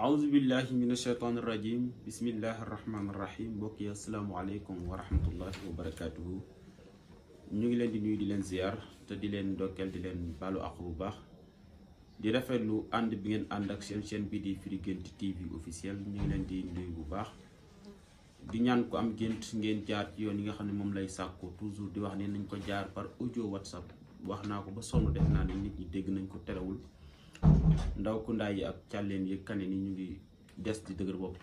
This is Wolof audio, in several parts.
aousubillahi min asheytaan irrajim bismillahi arrahman irrahim mbokk yi asalaamualeykum wa rahmatullahi wa barakatuhu ñu ngi leen di nuyu di leen ziar te di leen ndokkeel di leen baalu àq bu baax di rafetlu ànd bi ngeen ànd ak seen chaîne bi di Firi Guent TV officiel ñu ngi leen di nuyu bu baax di ñaan ko am gént ngeen jaar ci yoon yi nga xam ne moom lay sàkku toujours di wax ne nañ ko jaar par audio whatsapp wax naa ko ba sonn def naa ne nit ñi dégg nañ ko terewul ndaw kundaay yi ak càlleem yi kane ni ñu ngi des di dëgër bopp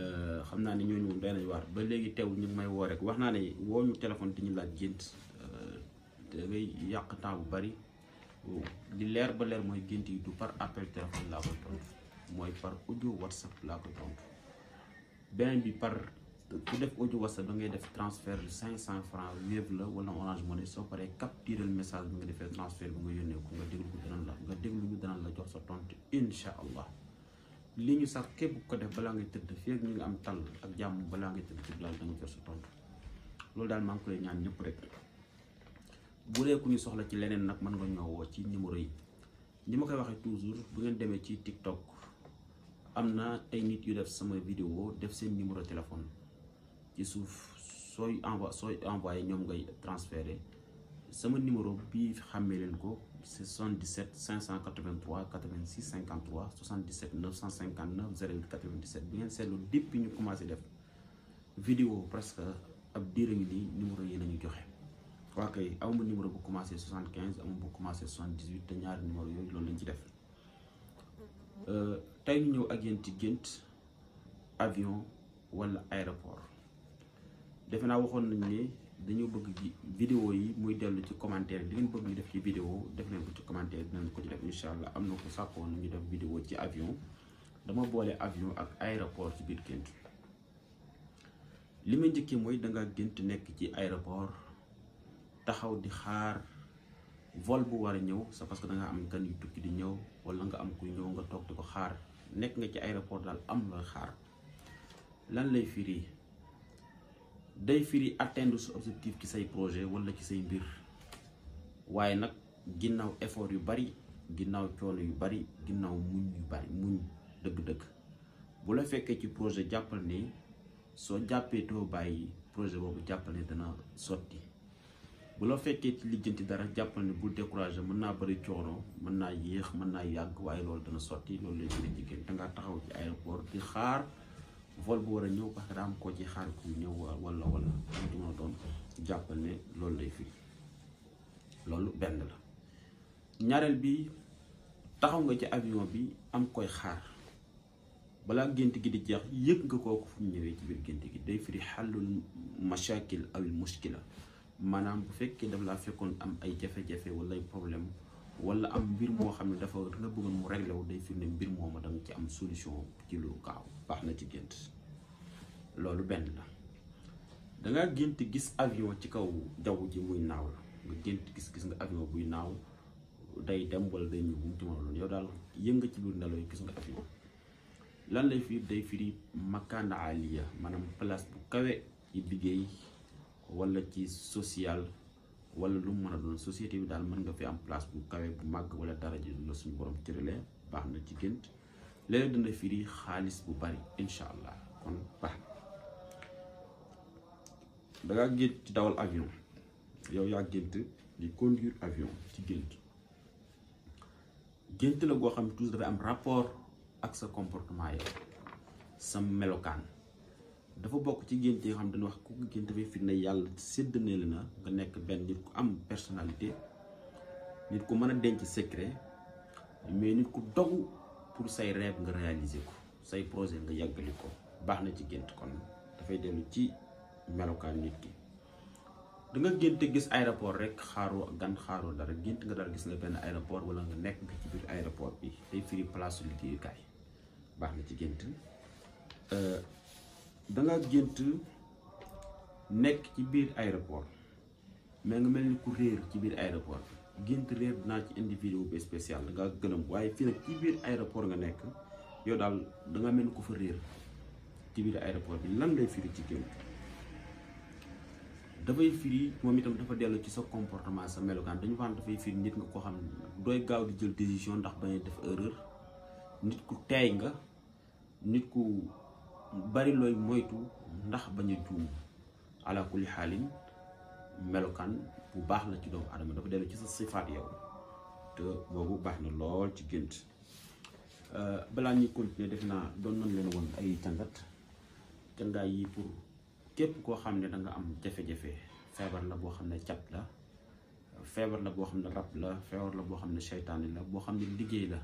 euh, xam naa ni ñooñu moom day nañu waar ba léegi teew ñu may woo rek wax naa ne woo ñu téléphone di ñu laaj gént euh, da yàq temps bu bari di leer ba leer mooy gént yi du par appel téléphone laa koy tontu mooy par audio whatsapp laa koy tontu beneen bi par ku def audio whatsapp da ngay def transfert cinq cent francs Wave la wala orange money soo paree capturer message bi nga defee transfert bi nga yónnee ko nga déglu ko danañ la nga déglu ko danañ la jox sa tontu incha allah li ñu sax képp ko def balaa ngay tëdd fii ñu ngi am tàll ak jàmm balaa ngay tëdd ci laal da nga jox sa tontu loolu daal maa ngi koy ñaan ñëpp rek bu dee ku ñu soxla ci leneen nag mën nga ñoo woo ci numéro yi ni ma koy waxee toujours bu ngeen demee ci TikTok am na ay yu def sama vidéo def seen numéro téléphone. ci suuf sooy envoyé sooy envoyé ñoom ngay transféré sama numéro bii xàmmee leen ko c'est 77 583 86 53 77 959 097 bi ngeen seetlu depuis ñu commencé def vidéo presque ab diir ngi nii numéro yi nañu joxe waa kay amuma numéro bu commencé 75 amuma bu commencé 78 te ñaari numéro yooyu loolu lañ ci def euh, tey ñu ñëw ak yéen ci gént avion wala aéroport defe naa waxoon nañ ne dañu bëgg ji vidéo yi muy dellu ci commentaire li ngeen bëgg ñu def ci video def leen ko ci commentaire dinañ ko ci def incha allah am na ko sàkkoon ñu def vidéo ci avion dama boole avion ak aéroport ci biir gént li ma njëkkee mooy danga gént nekk ci aéroport taxaw di xaar vol bu war a ñëw sa parce que danga am gan yu tukki di ñëw wala nga am ku ñëw nga toog di ko xaar nekk nga ci aéroport daal am na xaar lan lay firi day firi atteindre sa objectif ci say projet wala ci say mbir waaye nag ginnaaw effort yu bari ginnaaw coono yu bari ginnaaw muñ yu bari muñ dëgg-dëgg bu la fekkee ci projet jàppal ne soo jàppee too bàyyi projet boobu jàppal ne dana sotti bu la fekkee ci lijjanti dara jàppal ne bul découragé mën naa bari coono mën naa yéex mën naa yàgg waaye loolu dana sotti loolu lay firi jigéen dangaa taxaw ci aéroport di xaar vol bu war a ñëw parce que am koo ci xaar ku ñëw wala wala doon jàppal ne loolu lay firi loolu benn la ñaareel bi taxaw nga ci avion bi am koy xaar balaa gént gi di jeex yëg nga kooku fu ñëwee ci biir gént gi day firi xàllul mashakil awil muskila maanaam bu fekkee daf laa fekkoon am ay jafe-jafe wala ay problème wala am mbir moo xam ne dafa nga bëggoon mu réglé wu day firnde mbir mooma danga ci am solution ci lu gaaw baax na ci gént loolu benn la danga gént gis avion ci kaw jaww ji muy naaw la nga gént gis gis nga avion buy naaw day dem wala day ñëw mu ci loolu yow daal yënga ci biir nelaw yi gis nga avion lan lay fiir day firi makaan aliya maanaam place bu kawe ci liggéey wala ci social wala lu mu mën a doon société bi daal mën nga fi am place bu kawe bu màgg wala dara ji la suñu borom cëralee baax na ci gént léeg dana firi xaalis bu bari incha allah kon baax na dangaa gént ci dawal avion yow yaa gént di conduire avion ci gént gént la goo xam tous dafa am rapport ak sa comportement yi sa melokaan dafa bokk ci gént yoo xam dañu wax ku ko gént dafay firnde yàlla séddaneeli na nga nekk benn nit ku am personalité nit ku mën a denc secret mais nit ku dogu pour say rêve nga réaliser ko say projet nga yàggali ko baax na ci gént kon dafay dellu ci melokaan nit ki danga nga gént gis aéroport rek xaaroo gan xaaroo dara gént nga daal gis la benn aéroport wala nga nekk nga ci biir aéroport bi day firi place liggéeyukaay baax na ci gént euh, danga gént nekk ci biir aéroport mais nga mel ni ku réer ci biir aéroport gént réer naa ci indi vidéo bi spécial da nga waaye fii nag ci biir aéroport nga nekk yow daal danga mel ni ku fa réer ci biir aéroport bi lan lay firi ci gént dafay firi moom itam dafa dellu ci sa comportement sa melokaan dañu wax dafay firi nit nga koo xam ne dooy gaaw di jël décision ndax bañ a def erreur nit ku teey nga nit ku bari looy moytu ndax bañ a juum ala xaalin melokaan bu baax la ci doomu adama dafa dellu ci sa sifaat yow te boobu baax na lool ci gént euh, balaa ñuy continuer def naa doon nañ leen woon ay cangat cangaay yi pour képp koo xam ne danga am jafe-jafe feebar la boo xam ne cat la feebar la boo xam ne rab la feebar la boo xam ne seytaane la boo xam ne liggéey la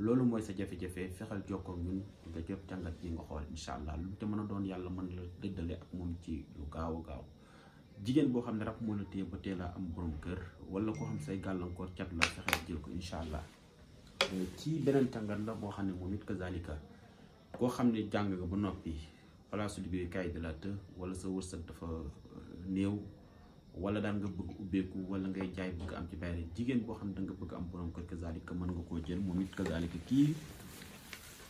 loolu mooy sa jafe-jafe fexeel jokkoo ñun nga jot jàngat yi nga xool incha allah lu te mën a doon yàlla mën la dëddale ak moom ci lu gaaw a jigéen boo xam ne rab moo la téye ba teel am borom kër wala ko xam say gàllankoor cat la fexeel jël ko incha allah ci euh, beneen jàngat la boo xam ne moom it kazalika koo xam ne jàng nga ba noppi palaasu liggéeyukaay de la të wala sa wërsëg dafa euh, néew wala daan nga bëgg ubbeeku wala ngay jaay bëgg am ci bayre jigéen boo xam ne da nga bëgg am borom kër kazalika mën nga koo jël moom it kazalika kii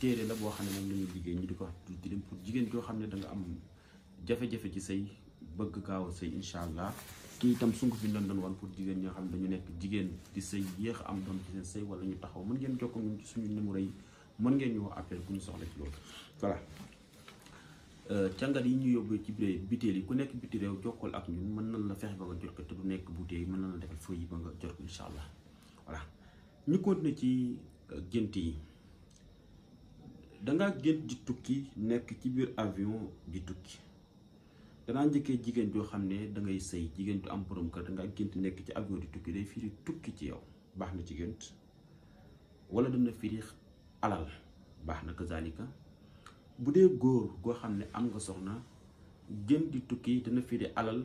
téere la boo xam ne moom la ñuy liggéey ñu di ko di dem pour jigéen joo xam ne da am jafe-jafe ci sëy bëgg gaaw a sëy incha allah kii itam sungu fi doon doon wan pour jigéen ñoo xam ne dañu nekk jigéen di sëy yéex am doom ci seen sëy wala ñu taxaw mën ngeen jokk ñun ci suñu numéro yi mën ngeen ñu woo appel bu ñu soxla ci loolu voilà Euh, càngat yi ñu yóbbu ci biir butéel yi ku nekk biti réew jokkool ak ñun mën na la fexe ba nga jot ko te nekk butéel yi mën nañ la defal feuille yi ba nga jot ko allah voilà ñu na ci euh, gént yi dangaa gént di tukki nekk ci biir avion di tukki danaa njëkkee jigéen joo xam ne dangay ngay sëy jigéen du am borom kër dangaa gént nekk ci avion di tukki day firi tukki ci yow baax na ci gént wala dana firi alal baax na kazalika bu dee góor goo xam ne am nga soxna gën di tukki dana fii firi alal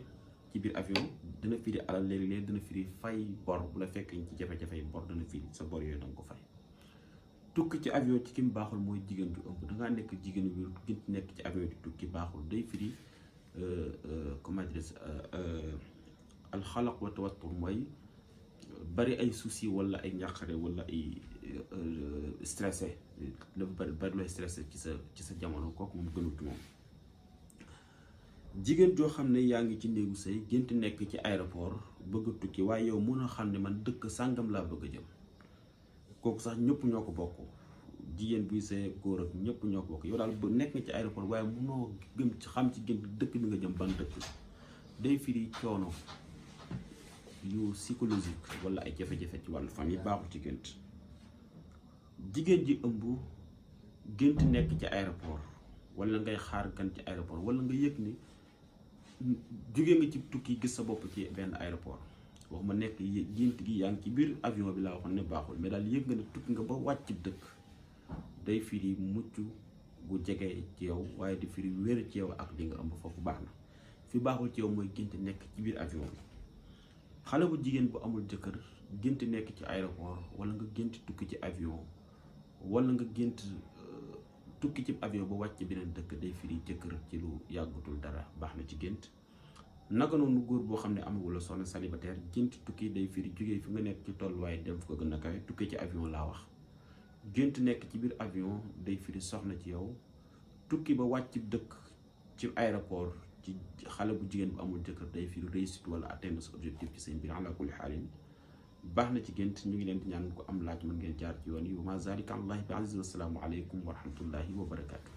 ci biir avion dana fii firi alal léeg-léeg dana firi fay bor bu la fekk ñu ci jafe-jafey bor dana firi sa bor yooyu danga ko fay tukki ci avion ci kim baaxul mooy jigéen ju ëmb dangaa nekk jigéen wi gën nekk ci avion di tukki baaxul day firi euh, euh, comment dire euh, alxalaq wa tawattur mooy bari ay soucis wala ay ñàqare wala ay Euh, stressé dafa bari looy stressé ci sa ci sa jamono kooku moom gënut moom jigéen joo xam ne yaa ngi ci néegu sëy gént nekk ci aéroport bëgg a tukki waaye yow mën a xam ne man dëkk sàngam laa bëgg a jëm kooku sax ñëpp ñoo ko bokk jigéen buy sëy góor ak ñëpp ñoo ko bokk yow daal nekk nga ci aéroport waaye mënoo gëm ci xam ci gént dëkk bi nga jëm ban dëkk day firi coono yu psychologique wala ay jafe-jafe ci wàll famille baaxul ci gént jigéen ji ëmb gént nekk ci aéroport wala ngay xaar gan ci aéroport wala nga yëg ni jóge nga ci tukki gis sa bopp ci benn aéroport wax ma nekk gént gi yaa ngi ci biir avion bi laa waxoon ne baaxul mais daal yëg nga ne tukki nga ba wàcc dëkk day firi mucc bu jege ci yow waaye di firi wér ci yow ak li nga ëmb foofu baax na fi baaxul ci yow mooy gént nekk ci biir avion bi xale bu jigéen bu amul jëkkër gént nekk ci aéroport wala nga gént tukki ci avion wala nga gént euh, tukki ci avion ba wàcc beneen dëkk day firi jëkkër ci lu yàggatul dara baax na ci gént naka noonu góor boo xam ne amagula soxna célibataire gént tukki day firi jógee fi nga nekk ci tolluwaay dem fu ko gën a kawe tukki ci avion laa wax gént nekk ci biir avion day firi soxna ci yow tukki ba wàcc dëkk ci aéroport ci xale bu jigéen bu amul jëkkër day firi réussite wala atteindre sa objectif ci seen biir ala kulli xaalin baax na ci gént ñu ngi leen di ñaan ko am laaj mën ngeen jaar ci yoon yi wa ma zalika allahi bi aziz wasalaamu aleykum wa rahmatullahi wa barakatu